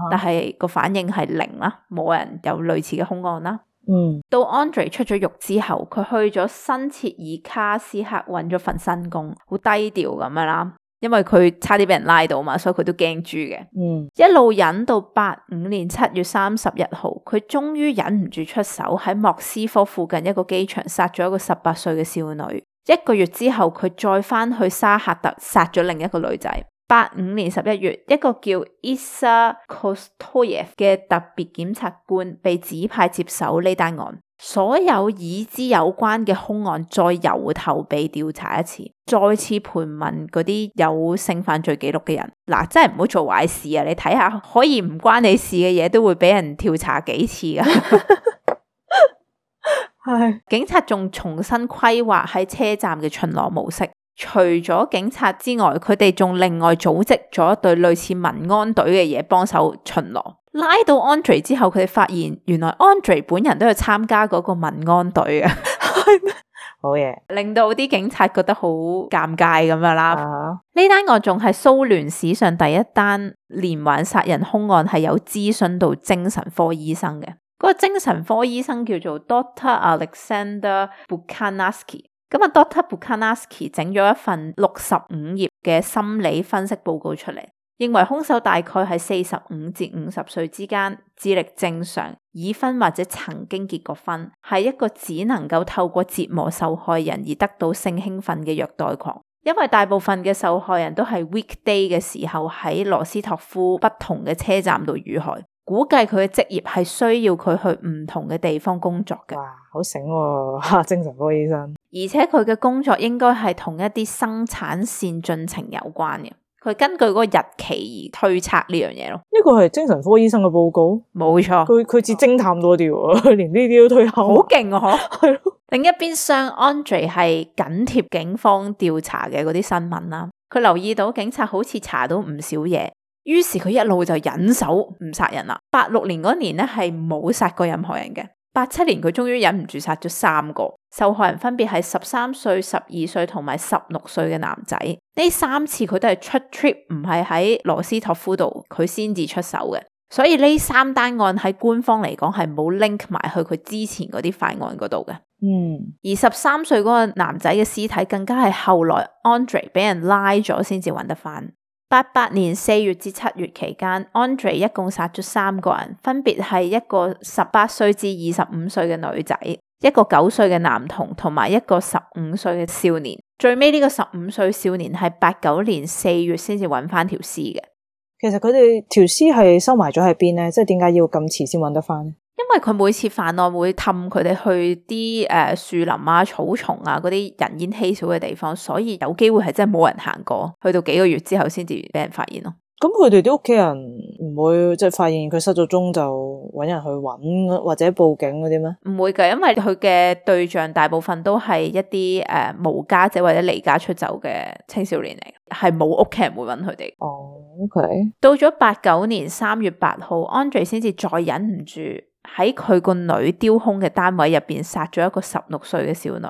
但係個反應係零啦，冇人有類似嘅凶案啦。嗯，到 Andrei 出咗獄之後，佢去咗新切爾卡斯克揾咗份新工，好低調咁樣啦。因為佢差啲俾人拉到嘛，所以佢都驚住嘅。嗯，一路忍到八五年七月三十一號，佢終於忍唔住出手，喺莫斯科附近一個機場殺咗一個十八歲嘅少女。一個月之後，佢再翻去沙克特殺咗另一個女仔。八五年十一月，一個叫 Isa Kostoyev 嘅特別檢察官被指派接手呢單案。所有已知有關嘅兇案再由頭被調查一次，再次盤問嗰啲有性犯罪記錄嘅人。嗱，真係唔好做壞事啊！你睇下，可以唔關你事嘅嘢都會俾人調查幾次㗎。警察仲重新規劃喺車站嘅巡邏模式。除咗警察之外，佢哋仲另外組織咗一隊類似民安隊嘅嘢幫手巡邏。拉到 Andrei 之後，佢哋發現原來 Andrei 本人都係參加嗰個民安隊嘅，好 (laughs) 嘢嗎，oh、yeah. 令到啲警察覺得好尷尬咁樣啦。呢單案仲係蘇聯史上第一單連環殺人凶案，係有諮詢到精神科醫生嘅。嗰、嗰個精神科醫生叫做 Doctor Alexander Bukanovsky。咁啊，Doctor Bukanaski 整咗一份六十五頁嘅心理分析報告出嚟，認為凶手大概係四十五至五十歲之間，智力正常，已婚或者曾經結過婚，係一個只能夠透過折磨受害人而得到性興奮嘅虐待狂。因為大部分嘅受害人都係 weekday 嘅時候喺羅斯托夫不同嘅車站度遇害，估計佢嘅職業係需要佢去唔同嘅地方工作嘅。好醒喎，精神科醫生，而且佢嘅工作應該係同一啲生產線進程有關嘅，佢根據嗰個日期而推測呢樣嘢咯。呢個係精神科醫生嘅報告，冇錯。佢佢似偵探多啲喎， (laughs) 連呢啲都推測。好勁啊！吓 (laughs) (laughs) 了，係。另一邊，Andrei 係緊貼警方調查嘅嗰啲新聞啦。佢留意到警察好似查到唔少嘢，於是佢一路就忍手唔殺人啦。八六年嗰年咧，係冇殺過任何人嘅。八七年佢終於忍唔住殺咗三個受害人，分別係十三歲、十二歲同埋十六歲嘅男仔。呢三次佢都係出 trip，唔係喺羅斯托夫度，佢先至出手嘅。所以呢三單案喺官方嚟講係冇 link 埋去佢之前嗰啲犯案嗰度嘅。嗯，而十三歲嗰個男仔嘅屍體更加係後來 Andrei 俾人拉咗先至搵得翻八八年四月至七月期間，Andrei 一共殺咗三個人，分別係一個十八歲至二十五歲嘅女仔，一個九歲嘅男童，同埋一個十五歲嘅少年。最尾呢個十五歲少年係八九年四月先至揾翻條屍嘅。其實佢哋條屍係收埋咗喺邊呢？即係點解要咁遲先揾得翻？.因為佢每次犯案會氹佢哋去啲誒、呃、樹林啊、草叢啊嗰啲人煙稀少嘅地方，所以有機會係真係冇人行過，去到幾個月之後先至俾人發現咯。咁佢哋啲屋企人唔會即係、就是、發現佢失咗蹤就搵人去搵或者報警嗰啲咩？唔會嘅，因為佢嘅對象大部分都係一啲誒、呃、無家者或者離家出走嘅青少年嚟，係冇屋企人會搵佢哋。哦、oh，OK 到。到咗八九年三月八號，Andrei 先至再忍唔住。喺佢個女丟空嘅單位入邊，殺咗一個十六歲嘅少女。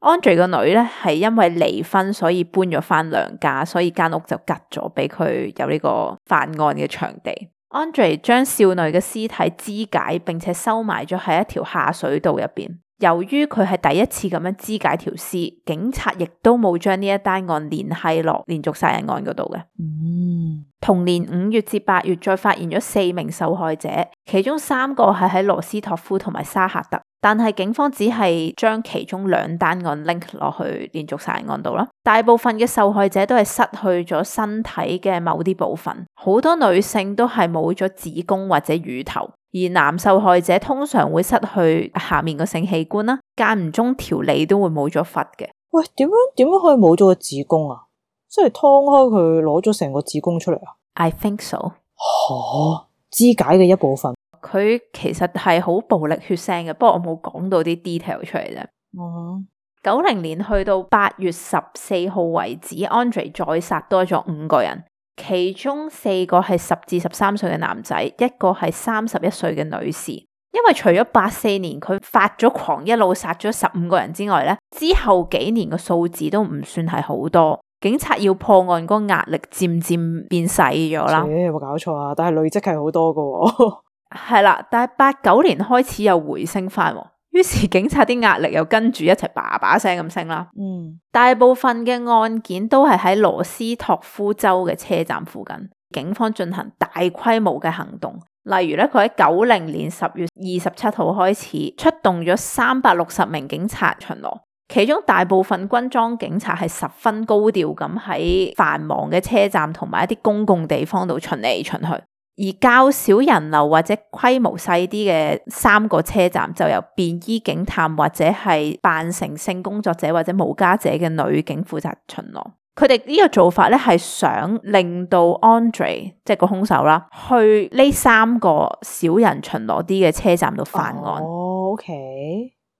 Andrei 個女咧，係因為離婚所以搬咗翻娘家，所以間屋就吉咗俾佢有呢個犯案嘅場地。Andrei 將少女嘅屍體肢解，並且收埋咗喺一條下水道入邊。由於佢係第一次咁樣肢解條屍，警察亦都冇將呢一單案連係落連續殺人案嗰度嘅。嗯，mm. 同年五月至八月再發現咗四名受害者，其中三個係喺羅斯托夫同埋沙赫特，但係警方只係將其中兩單案 link 落去連續殺人案度咯。大部分嘅受害者都係失去咗身體嘅某啲部分，好多女性都係冇咗子宮或者乳頭。而男受害者通常會失去下面個性器官啦，間唔中條脷都會冇咗佛嘅。喂，點樣點樣可以冇咗個子宮啊？即係劏開佢攞咗成個子宮出嚟啊？I think so。吓、哦，肢解嘅一部分。佢其實係好暴力血腥嘅，不過我冇講到啲 detail 出嚟啫。哦，九零年去到八月十四號為止，Andrei 再殺多咗五個人。其中四個係十至十三歲嘅男仔，一個係三十一歲嘅女士。因為除咗八四年佢發咗狂，一路殺咗十五個人之外咧，之後幾年嘅數字都唔算係好多。警察要破案個壓力漸漸變細咗啦。咦，有冇搞錯啊？但係累積係好多噶。哦。係 (laughs) 啦，但係八九年開始又回升翻。於是警察啲壓力又跟住一齊叭叭聲咁升啦。嗯，大部分嘅案件都係喺羅斯托夫州嘅車站附近，警方進行大規模嘅行動。例如咧，佢喺九零年十月二十七號開始，出動咗三百六十名警察巡邏，其中大部分軍裝警察係十分高調咁喺繁忙嘅車站同埋一啲公共地方度巡嚟巡去。而較少人流或者規模細啲嘅三個車站，就由便衣警探或者係扮成性工作者或者無家者嘅女警負責巡邏。佢哋呢個做法咧，係想令到 Andre，即係個凶手啦，去呢三個少人巡邏啲嘅車站度犯案。OK，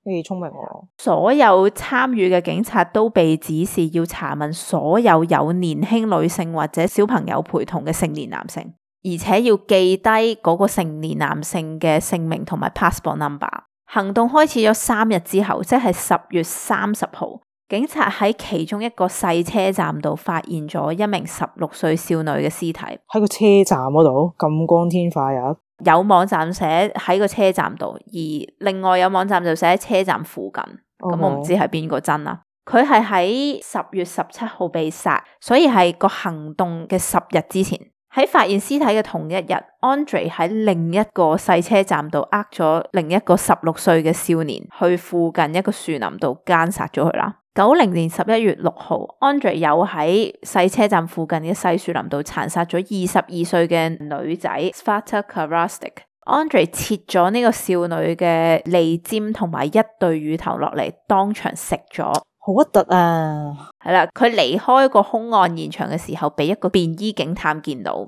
你哋聰明啊！所有參與嘅警察都被指示要查問所有有年輕女性或者小朋友陪同嘅成年男性。而且要記低嗰個成年男性嘅姓名同埋 passport number。行動開始咗三日之後，即係十月三十號，警察喺其中一個細車站度發現咗一名十六歲少女嘅屍體，喺個車站嗰度。咁光天化日，啊，有網站寫喺個車站度，而另外有網站就寫喺車站附近，咁 Okay. 我唔知係邊個真啦。佢係喺十月十七號被殺，所以係個行動嘅十日之前。喺發現屍體嘅同一日，Andrei 喺另一個細車站度呃咗另一個十六歲嘅少年，去附近一個樹林度姦殺咗佢啦。九零年十一月六號 Andrei 又喺細車站附近嘅細樹林度殘殺咗二十二歲嘅女仔 Sveta Korostik。Andrei 切咗呢個少女嘅脷尖同埋一對乳頭落嚟，當場食咗。好核突啊！係啦，佢離開個凶案現場嘅時候，俾一個便衣警探見到。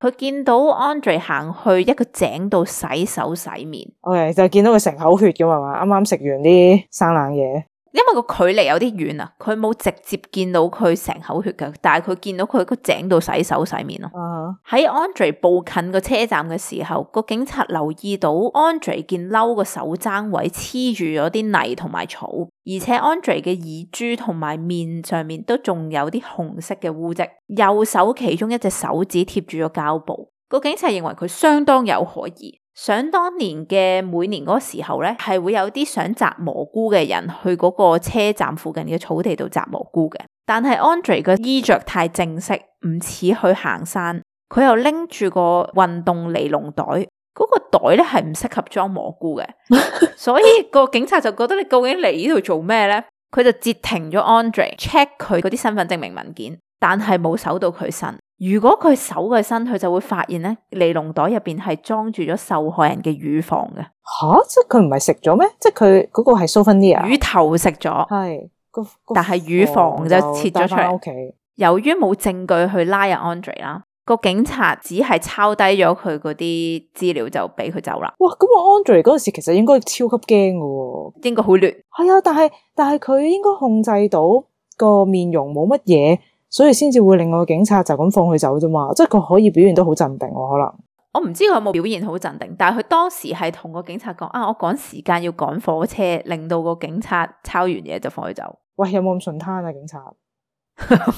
佢 (laughs) 見到 Andrei 行去一個井度洗手洗面。OK，就見到佢成口血咁係嘛，啱啱食完啲生冷嘢。因為個距離有啲遠啊，佢冇直接見到佢成口血嘅，但係佢見到佢個井度洗手洗面咯。喺、啊、Andrei 步近個車站嘅時候，個警察，留意到 Andrei 見嬲個手踭位黐住咗啲泥同埋草，而且 Andrei 嘅耳珠同埋面上面都仲有啲紅色嘅污迹，右手其中一隻手指貼住咗膠布。個警察認為佢相當有可疑。想當年嘅每年嗰個時候咧，係會有啲想摘蘑菇嘅人去嗰個車站附近嘅草地度摘蘑菇嘅。但係 Andre 嘅衣着太正式，唔似去行山。佢又拎住個運動尼龍袋，嗰、那個袋咧係唔適合裝蘑菇嘅。所以個警察就覺得「你究竟嚟呢度做咩呢？」佢就截停咗 Andre，check 佢嗰啲身份證明文件，但係冇搜到佢身。如果佢搜個身，佢就會發現咧，尼龍袋入邊係裝住咗受害人嘅乳房嘅。吓，即係佢唔係食咗咩？即係佢嗰個係 Sofia 乳頭食咗，係，但係乳房就切咗出嚟。哦，由於冇證據去拉入 Andrei 啦，個警察只係抄低咗佢嗰啲資料就俾佢走啦。哇，咁阿 Andrei 嗰陣時其實應該超級驚嘅，應該好亂。係啊，但係但係佢應該控制到個面容冇乜嘢。所以先至會令我個警察就咁放佢走啫嘛，即係佢可以表現得好鎮定喎，可能我唔知佢有冇表現好鎮定，但係佢當時係同個警察講啊，我趕時間要趕火車，令到個警察抄完嘢就放佢走。喂，有冇咁順攤啊，警察？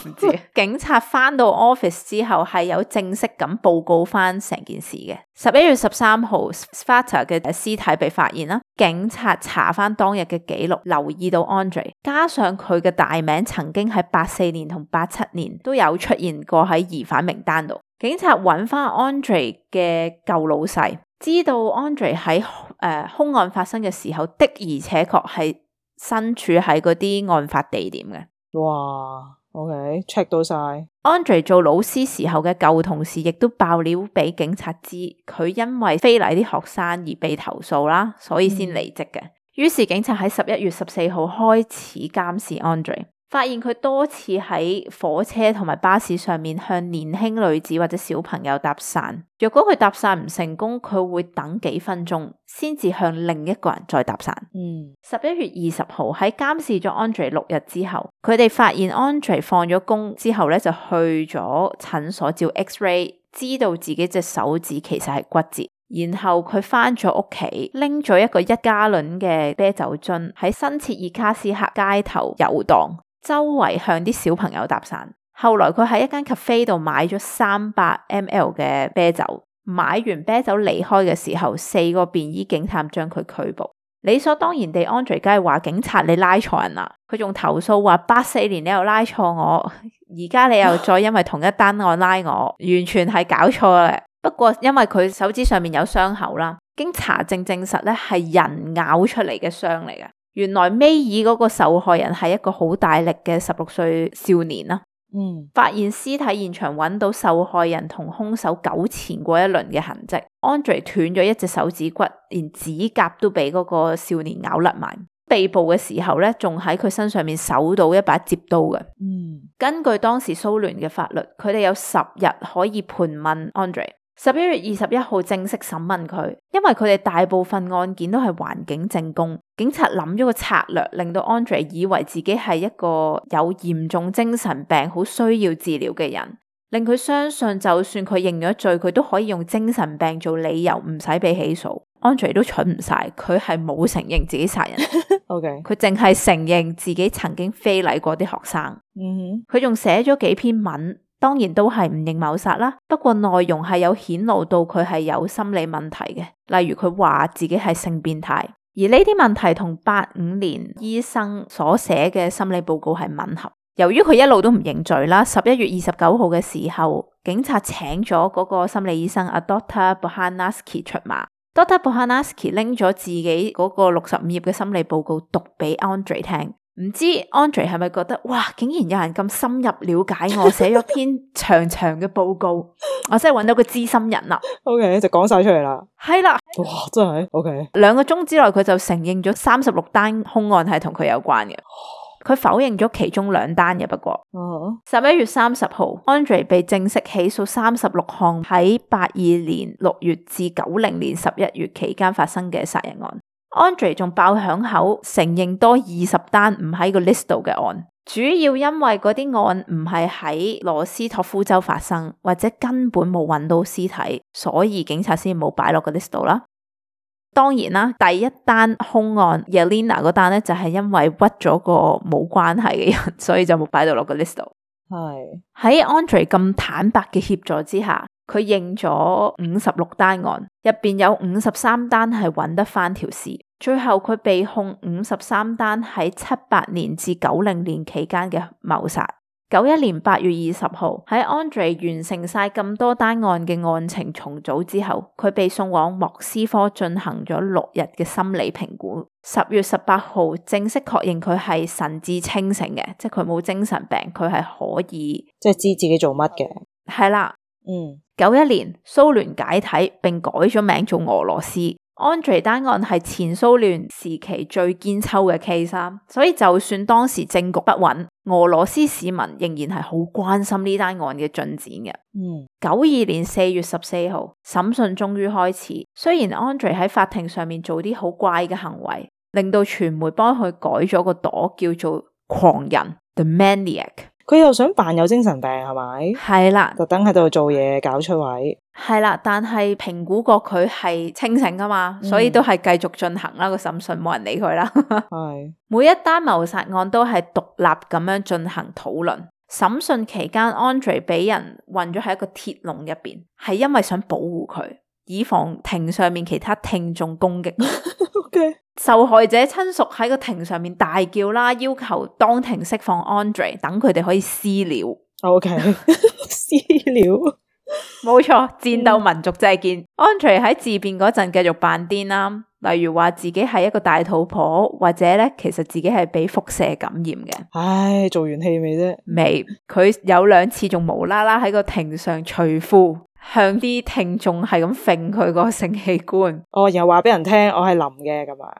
唔 (laughs) 知道。 (laughs) 警察翻到 office 之後係有正式咁報告翻成件事嘅。十一月十三號，Sveta 嘅屍體被發現啦。警察查翻當日嘅記錄，留意到 Andre，加上佢嘅大名曾經喺八四年同八七年都有出現過喺疑犯名單度。警察揾翻 Andre 嘅舊老細，知道 Andre 喺誒、呃、兇案發生嘅時候的而且確係身處喺嗰啲案發地點嘅。哇！OK，check 到晒。Okay, Andre 做老師時候嘅舊同事亦都爆料俾警察知，佢因為非禮啲學生而被投訴啦，所以先離職嘅。於、嗯、是警察喺十一月十四號開始監視 Andre。發現佢多次喺火車同埋巴士上面向年輕女子或者小朋友搭訕，若果佢搭訕唔成功，佢會等幾分鐘先至向另一個人再搭訕。嗯，十一月二十號喺監視咗 Andre 六日之後，佢哋發現 Andre 放咗工之後咧就去咗診所照 X-ray，知道自己隻手指其實係骨折，然後佢返咗屋企，拎咗一個一加侖嘅啤酒樽喺新切爾卡斯克街頭遊蕩。周圍向啲小朋友搭訕，後來佢喺一間 cafe 度買咗三百 ml 嘅啤酒，買完啤酒離開嘅時候，四個便衣警探將佢拘捕。理所當然地，Andrei 梗係話，警察你拉錯人啦，佢仲投訴話，八四年你又拉錯我，而家你又再因為同一單案拉我，完全係搞錯咧。不過因為佢手指上面有傷口啦，經查證證、證實咧係人咬出嚟嘅傷嚟嘅。原來尾二嗰個受害人係一個好大力嘅十六歲少年啦、啊。嗯，發現屍體現場揾到受害人同凶手糾纏過一輪嘅痕迹。Andrei 斷咗一隻手指骨，連指甲都俾嗰個少年咬甩埋。被捕嘅時候咧，仲喺佢身上面搜到一把折刀嘅。嗯，根據當時蘇聯嘅法律，佢哋有十日可以盤問 Andrei。十一月二十一號正式審問佢，因為佢哋大部分案件都係環境證供，警察諗咗個策略，令到 Andre 以為自己係一個有嚴重精神病、好需要治療嘅人，令佢相信就算佢認咗罪，佢都可以用精神病做理由，唔使被起訴。Andre 都蠢唔晒，佢係冇承認自己殺人 (laughs) ，OK，佢淨係承認自己曾經非禮過啲學生，嗯、mm，佢、hmm. 仲寫咗幾篇文。當然都係唔認謀殺啦，不過內容係有顯露到佢係有心理問題嘅，例如佢話自己係性變態，而呢啲問題同八五年醫生所寫嘅心理報告係吻合。由於佢一路都唔認罪啦，十一月二十九號嘅時候，警察請咗嗰個心理醫生阿 Doctor Bohanowski 出馬，Doctor Bohanowski 拎咗自己嗰個六十五頁嘅心理報告讀俾 Andre 聽。唔知 Andre 係咪覺得哇，竟然有人咁深入了解我，寫咗篇長長嘅報告， (laughs) 我真係揾到個知心人啦。O、okay, K，就講晒出嚟啦。係啦了，哇，真係 O K。兩、okay. 個鐘之內佢就承認咗三十六單凶案係同佢有關嘅，佢否認咗其中兩單嘅。不過十一、uh huh. 月三十號，Andre 被正式起訴三十六項喺八二年六月至九零年十一月期間發生嘅殺人案。Andrei 仲爆響口承認多二十單唔喺個 list 度嘅案，主要因為嗰啲案唔係喺羅斯托夫州發生，或者根本冇揾到屍體，所以警察先冇擺落個 list 度啦。當然啦，第一單凶案 Yelena 嗰單咧，就係因為屈咗個冇關係嘅人，所以就冇擺到落個 list 度。係喺 Hi. Andrei 咁坦白嘅協助之下。佢認咗五十六單案，入邊有五十三單係搵得翻條屍。最後佢被控五十三單喺七八年至九零年期間嘅謀殺。九一年八月二十號，喺 Andrei 完成晒咁多單案嘅案情重組之後，佢被送往莫斯科進行咗六日嘅心理評估。十月十八號正式確認佢係神志清醒嘅，即係佢冇精神病，佢係可以即係知自己做乜嘅。係啦了，嗯。九一年，蘇聯解體並改咗名做俄羅斯。Andrei 單案係前蘇聯時期最堅秋嘅 K 三，所以就算當時政局不穩，俄羅斯市民仍然係好關心呢單案嘅進展嘅。嗯、mm.，九二年四月十四號，審訊終於開始。雖然 Andrei 喺法庭上面做啲好怪嘅行為，令到傳媒幫佢改咗個朵叫做狂人 The Maniac。佢又想扮有精神病係咪？係啦，特登喺度做嘢搞出位。係啦，但係評估過佢係清醒㗎嘛，嗯、所以都係繼續進行啦個審訊，冇人理佢啦。係 (laughs) 是每一單謀殺案都係獨立咁樣進行討論。審訊期間，Andre 俾人韞咗喺一個鐵籠入邊，係因為想保護佢，以防庭上面其他聽眾攻擊。 (laughs) okay. 受害者親屬喺個庭上面大叫啦，要求當庭釋放 Andre，等佢哋可以私了。O K，私了，冇錯。戰鬥民族真係堅、嗯、，Andre 喺自辯嗰陣繼續扮癲啦，例如話自己係一個大肚婆，或者咧其實自己係俾輻射感染嘅。唉，做完戲未啫？未，佢有兩次仲無啦啦喺個庭上除褲。向啲聽眾係咁揈佢個性器官，哦，然後話俾人聽我係冧嘅咁啊，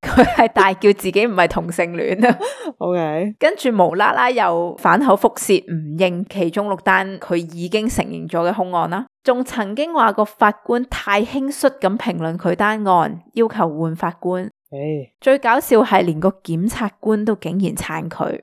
佢係 (laughs) 大叫自己唔係同性戀啊 (laughs) ，OK，跟住無啦啦又反口覆舌唔認其中六單佢已經承認咗嘅凶案啦，仲曾經話個法官太輕率咁評論佢單案，要求換法官。Hey. 最搞笑係，連個檢察官都竟然撐佢。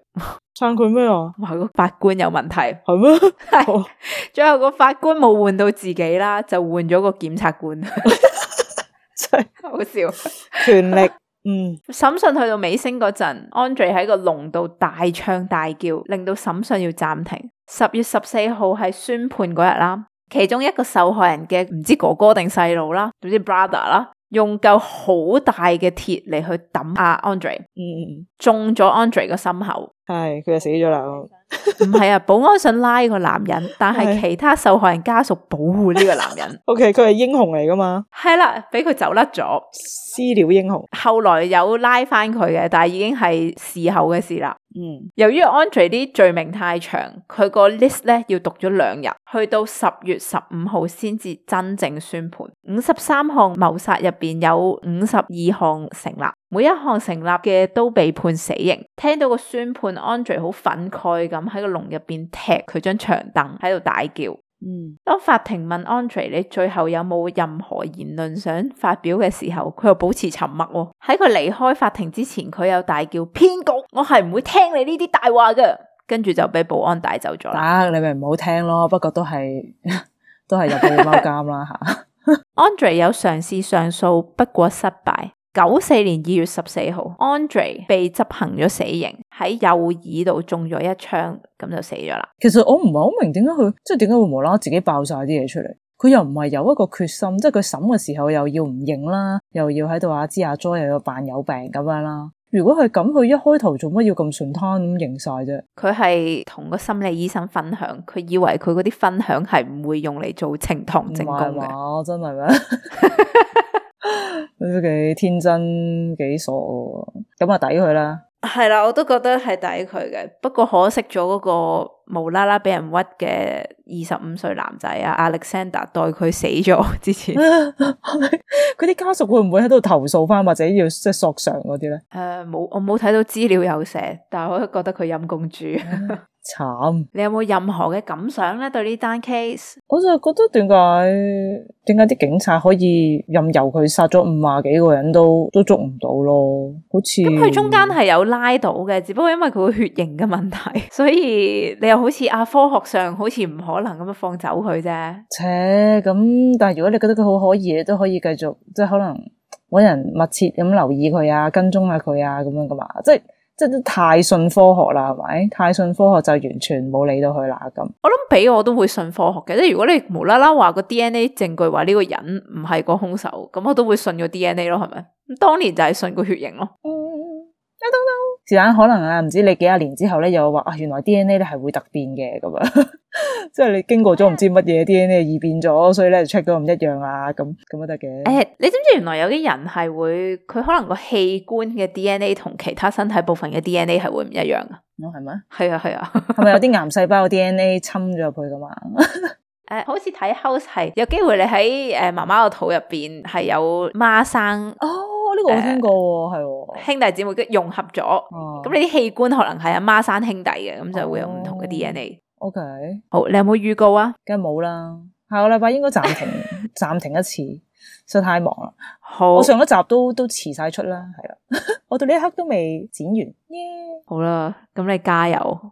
撐佢咩啊？話個法官有問題，係咩？係、oh.， (laughs) 最後個法官冇換到自己啦，就換咗個檢察官。 (laughs) (laughs) 就是 好笑。 (laughs) 權力，嗯，審訊去到尾聲嗰陣，Andrei 喺個籠度大唱大叫，令到審訊要暫停。十月十四號係宣判嗰日啦，其中一個受害人嘅，唔知哥哥定細佬啦，總之 brother 啦。用夠好大嘅鐵嚟去抌阿、啊、Andre，嗯，中咗 Andre 個心口，係佢就死咗啦。唔 (laughs) 係啊，保安想拉個男人，但係其他受害人家屬保護呢個男人。OK，佢係英雄嚟噶嘛？係啦，俾佢走甩咗，私了英雄。後來有拉翻佢嘅，但係已經係事後嘅事啦。嗯，由於 Andre 啲罪名太長，佢個 list 咧要讀咗兩日。去到十月十五號先至真正宣判，五十三項謀殺入邊有五十二項成立，每一項成立嘅都被判死刑。聽到個宣判，a n 安德烈好憤慨咁喺個籠入邊踢佢張長凳，喺度大叫。嗯，當法庭問安德烈你最後有冇任何言論想發表嘅時候，佢又保持沉默、哦。喎，喺佢離開法庭之前，佢又大叫：騙局，我係唔會聽你呢啲大話㗎。跟住就俾保安帶走咗。嗱、啊、你咪唔好聽咯，不過都係都係入去貓監啦吓。 (laughs) (laughs) Andrei 有嘗試上訴，不過失敗。九四年二月十四號，Andrei 被執行咗死刑，喺右耳度中咗一槍，咁就死咗啦。其實我唔係好明點解佢即係點解會無啦啦自己爆晒啲嘢出嚟。佢又唔係有一個決心，即係佢審嘅時候又要唔認啦，又要喺度阿支阿左又要扮有病咁樣啦。如果係咁，佢一開頭做乜要咁順攤咁認晒啫？佢係同個心理醫生分享，佢以為佢嗰啲分享係唔會用嚟做呈堂證供嘅，真係咩？都幾 (laughs) (laughs) 天真，幾傻，咁啊抵佢啦！係啦，我都覺得係抵佢嘅，不過可惜咗嗰、嗰個。無啦啦畀人屈嘅二十五歲男仔啊，Alexander 代佢死咗之前，佢啲 (laughs) 家屬會唔會喺度投訴翻，或者要即係索償嗰啲咧？誒、呃，冇我冇睇到資料有寫，但係我都覺得佢陰公豬。 (laughs) (laughs) 慘，慘你有冇任何嘅感想咧？對呢單 case，我就覺得點解點解啲警察，可以任由佢殺咗五啊幾個人都都捉唔到咯？好似咁，佢中間係有拉到嘅，只不過因為佢個血型嘅問題，所以你又好似阿、啊、科學上好似唔可能咁樣放走佢啫。切咁，但係如果你覺得佢好可疑，都可以繼續即係可能搵人密切咁留意佢啊，跟蹤下佢啊，咁樣噶嘛，即係。即係太信科學啦，係咪？太信科學就完全冇理到佢啦咁。我諗俾我都會信科學嘅，即係如果你無啦啦話個 DNA 證據話呢個人唔係個凶手，咁我都會信個 DNA 咯，係咪？當年就係信個血型咯。嗯。時間可能啊，唔知你幾廿年之後咧，又話啊，原來 D N A 咧係會突變嘅。咁啊，即係你經過咗唔知乜嘢 D N A 異變咗，所以咧就 check 到唔一樣啊，咁咁都得嘅。誒,你知唔知原來有啲人係會，佢可能個器官嘅 D N A 同其他身體部分嘅 D N A 係會唔一樣啊？哦，係咩？係啊，係啊，係咪有啲癌細胞嘅 D N A 侵咗入去噶嘛？誒，好似睇 house 係，有機會你喺誒媽媽個肚入邊係有孖生哦。呢個我聽過，係、呃、的兄弟姊妹即融合咗，咁、啊、你啲器官可能係阿孖生兄弟嘅，咁就會有唔同嘅 DNA。哦、o、okay、K，好，你有冇預告啊？梗係冇啦，下個禮拜應該暫停， (laughs) 暫停一次，實在太忙啦。好，我上一集都都遲晒出啦，係啊， (laughs) 我到呢一刻都未剪完。Yeah、好啦，咁你加油。